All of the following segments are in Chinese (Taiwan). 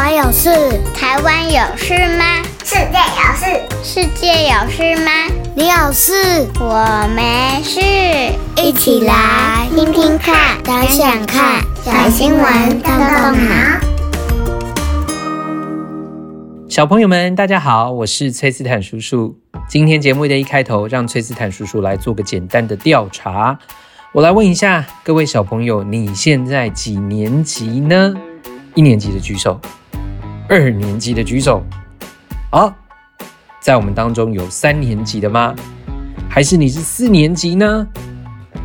我有事，台灣有事嗎？世界有事，世界有事嗎？你有事，我沒事。一起來聽聽看，想想看，小新聞動動腦。跳跳小朋友們，大家好，我是崔斯坦叔叔。今天節目的一開頭，讓崔斯坦叔叔來做個簡單的調查。我來問一下各位小朋友，你現在幾年級呢？一年級的舉手。二年級的舉手，啊，在我們當中有三年級的嗎？還是你是四年級呢？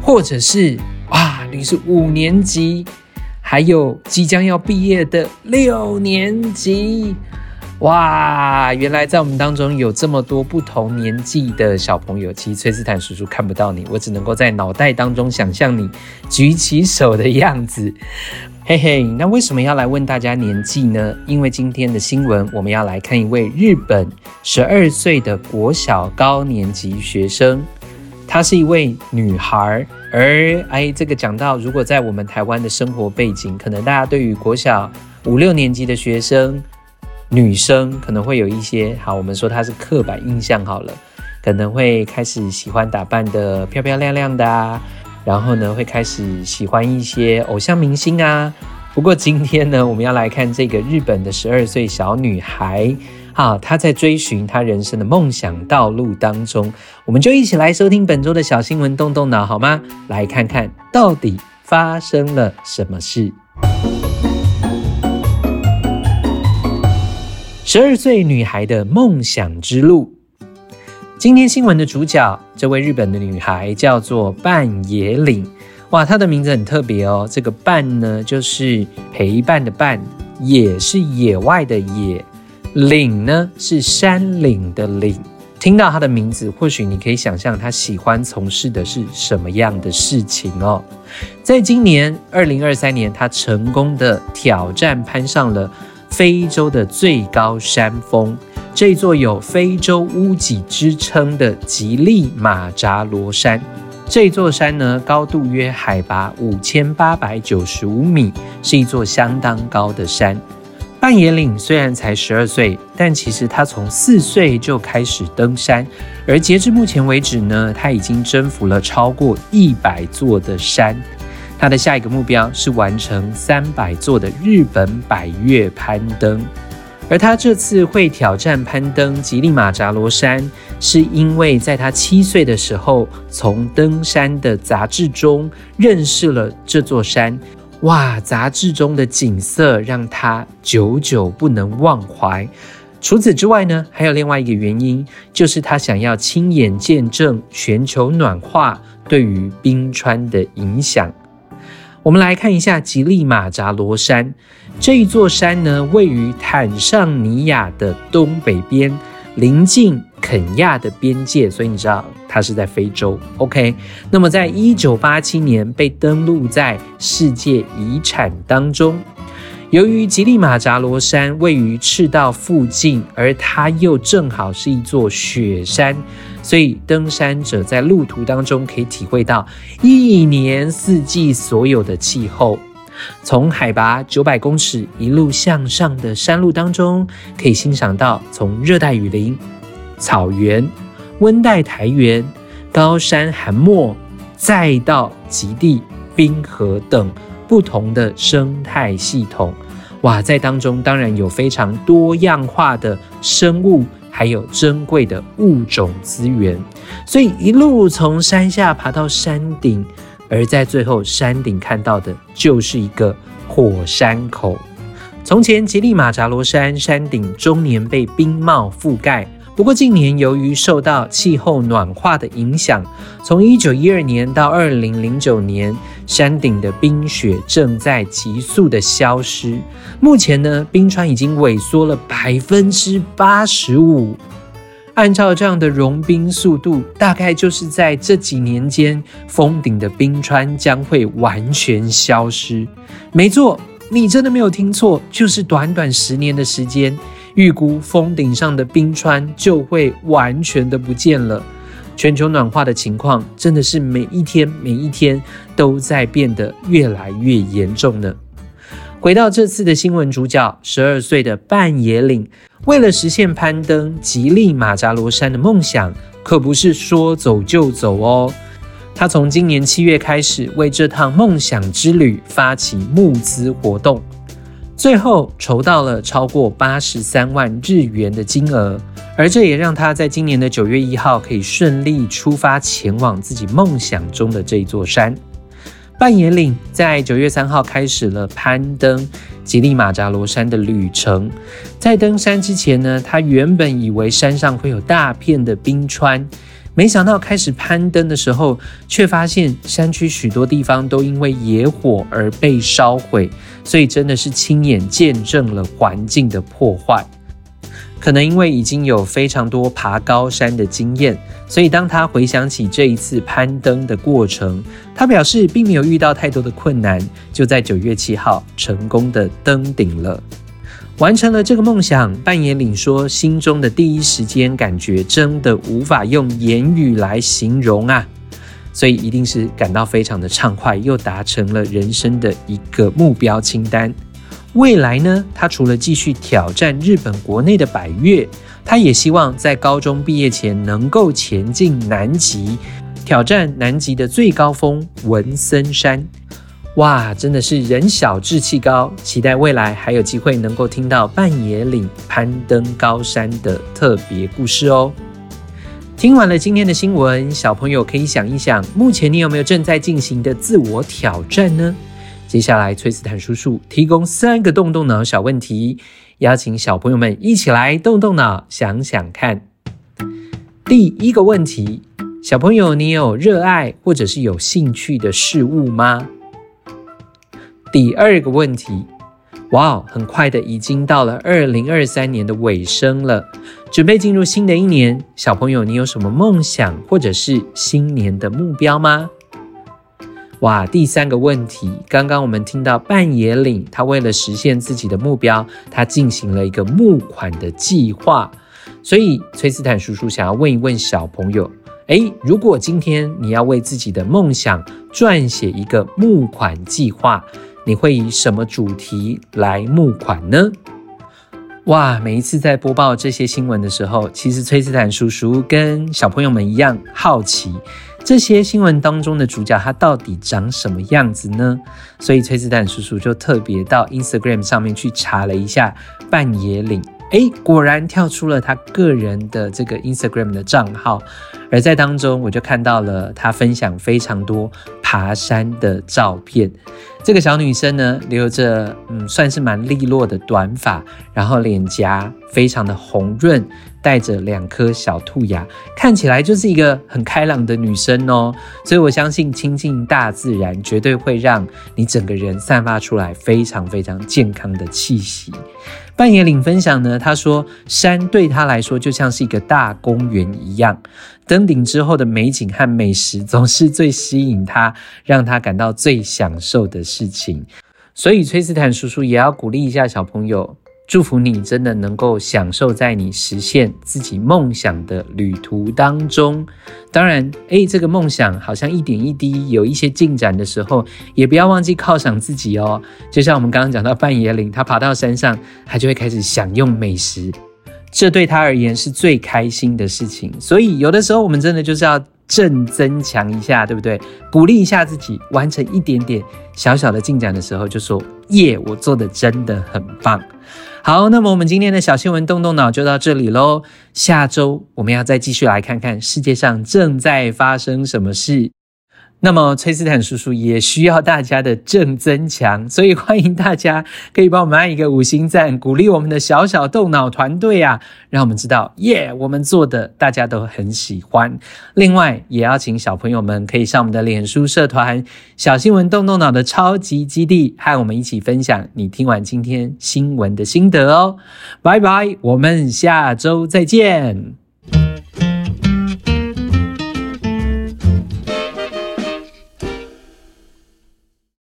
或者是啊，你是五年級，還有即將要畢業的六年級。哇，原來在我們當中有這麼多不同年紀的小朋友。其實崔斯坦叔叔看不到你，我只能夠在腦袋當中想象你舉起手的樣子。嘿嘿，那為什麼要來問大家年紀呢？因為今天的新聞我們要來看一位日本十二歲的國小高年級學生，她是一位女孩。而哎，這個講到如果在我們台灣的生活背景，可能大家對於國小五六年級的學生。女生可能會有一些，好，我們說她是刻板印象好了，可能會開始喜歡打扮的漂漂亮亮的啊，然後呢，會開始喜歡一些偶像明星啊。不過今天呢，我們要來看這個日本的十二歲小女孩，好，她在追尋她人生的夢想道路當中，我們就一起來收聽本週的小新聞，動動腦好嗎？來看看到底發生了什麼事。十二歲女孩的夢想之路。今天新聞的主角，這位日本的女孩叫做伴野嶺。哇，她的名字很特別哦。這個“伴”呢，就是陪伴的“伴”；野是野外的“野”；嶺呢，是山嶺的“嶺”。聽到她的名字，或許你可以想象她喜歡從事的是什麼樣的事情哦。在今年二零二三年，她成功的挑戰攀上了非洲的最高山峰，這座有“非洲屋脊”之稱的吉利馬扎羅山，這座山呢，高度約海拔五千八百九十五米，是一座相當高的山。伴野嶺雖然才十二歲，但其實他從四歲就開始登山，而截至目前為止呢，他已經征服了超過一百座的山。他的下一個目標是完成三百座的日本百岳攀登，而他這次會挑戰攀登吉利馬扎羅山，是因為在他七歲的時候，從登山的雜誌中認識了這座山。哇，雜誌中的景色讓他久久不能忘懷。除此之外呢，還有另外一個原因，就是他想要親眼見證全球暖化對於冰川的影響。我們來看一下吉利馬扎羅山這一座山呢，位於坦桑尼亞的東北邊，臨近肯亞的邊界，所以你知道它是在非洲。OK，那麼在1987年被登錄在世界遺產當中。由於吉利馬扎羅山位於赤道附近，而它又正好是一座雪山。所以，登山者在路途當中可以體會到一年四季所有的氣候，從海拔九百公尺一路向上的山路當中，可以欣賞到從熱帶雨林、草原、溫帶苔原、高山寒漠，再到極地冰河等不同的生態系統。哇，在當中當然有非常多樣化的生物。還有珍貴的物種資源，所以一路從山下爬到山頂，而在最後山頂看到的，就是一個火山口。從前，吉利馬扎羅山山頂終年被冰帽覆蓋。不過，近年由於受到氣候暖化的影響，從一九一二年到二零零九年，山頂的冰雪正在急速的消失。目前呢，冰川已經萎縮了百分之八十五。按照這樣的融冰速度，大概就是在這幾年間，峰頂的冰川將會完全消失。沒錯。你真的沒有聽錯，就是短短十年的時間，預估峰頂上的冰川就會完全的不見了。全球暖化的情況真的是每一天每一天都在變得越來越嚴重呢。回到這次的新聞主角，十二歲的伴野嶺，為了實現攀登吉利馬扎羅山的夢想，可不是說走就走哦。他從今年七月開始為這趟夢想之旅發起募資活動，最後籌到了超過八十三萬日元的金額，而這也讓他在今年的九月一號可以順利出發前往自己夢想中的這座山——伴野嶺在九月三號開始了攀登吉利馬扎羅山的旅程。在登山之前呢，他原本以為山上會有大片的冰川。沒想到開始攀登的時候，卻發現山區許多地方都因為野火而被燒毀，所以真的是親眼見證了環境的破壞。可能因為已經有非常多爬高山的經驗，所以當他回想起這一次攀登的過程，他表示並沒有遇到太多的困難，就在九月七號成功的登頂了。完成了這個夢想，伴野嶺說心中的第一時間感覺真的無法用言語來形容啊，所以一定是感到非常的暢快，又達成了人生的一個目標清單。未來呢，他除了繼續挑戰日本國內的百嶽，他也希望在高中畢業前能夠前進南極，挑戰南極的最高峰文森山。哇，真的是人小志氣高！期待未來還有機會能夠聽到伴野嶺攀登高山的特別故事哦。聽完了今天的新聞，小朋友可以想一想，目前你有沒有正在進行的自我挑戰呢？接下來，崔斯坦叔叔提供三個動動腦小問題，邀請小朋友們一起來動動腦，想想看。第一個問題，小朋友，你有熱愛或者是有興趣的事物嗎？第二個問題，哇，很快的，已經到了二零二三年的尾聲了，準備進入新的一年。小朋友，你有什麼夢想或者是新年的目標嗎？哇，第三個問題，剛剛我們聽到伴野嶺，他為了實現自己的目標，他進行了一個募款的計劃。所以，崔斯坦叔叔想要問一問小朋友：誒，如果今天你要為自己的夢想撰寫一個募款計劃？你會以什麼主題來募款呢？哇，每一次在播報這些新聞的時候，其實崔斯坦叔叔跟小朋友們一樣好奇，這些新聞當中的主角他到底長什麼樣子呢？所以崔斯坦叔叔就特別到 Instagram 上面去查了一下伴野嶺。欸，果然跳出了她個人的這個 Instagram 的賬號，而在當中我就看到了她分享非常多爬山的照片。這個小女生呢，留着嗯，算是蠻利落的短髮，然後臉頰非常的紅潤。帶着兩顆小兔牙，看起來就是一個很開朗的女生哦。所以我相信親近大自然，絕對會讓你整個人散發出來非常非常健康的氣息。伴野嶺分享呢，他說，山對他來說就像是一個大公園一樣，登頂之後的美景和美食總是最吸引他，讓他感到最享受的事情。所以崔斯坦叔叔也要鼓勵一下小朋友。祝福你真的能夠享受在你實現自己夢想的旅途當中。當然，誒、欸，這個夢想好像一點一滴有一些進展的時候，也不要忘記犒賞自己哦。就像我們剛剛講到伴野嶺，他爬到山上，他就會開始享用美食，這對他而言是最開心的事情。所以，有的時候我們真的就是要正增強一下，對不對？鼓勵一下自己，完成一點點小小的進展的時候，就說耶，yeah, 我做的真的很棒。好，那麼我們今天的小新聞動動腦就到這裡嘍。下周我們要再繼續來看看世界上正在發生什麼事。那麼，崔斯坦叔叔也需要大家的正增強，所以歡迎大家可以幫我們按一個五星讚，鼓勵我們的小小動腦團隊啊，讓我們知道耶，yeah, 我們做的大家都很喜歡。另外，也邀請小朋友們可以上我們的臉書社團“小新聞動動腦”的超級基地，和我們一起分享你聽完今天新聞的心得哦。拜拜，我們下周再見。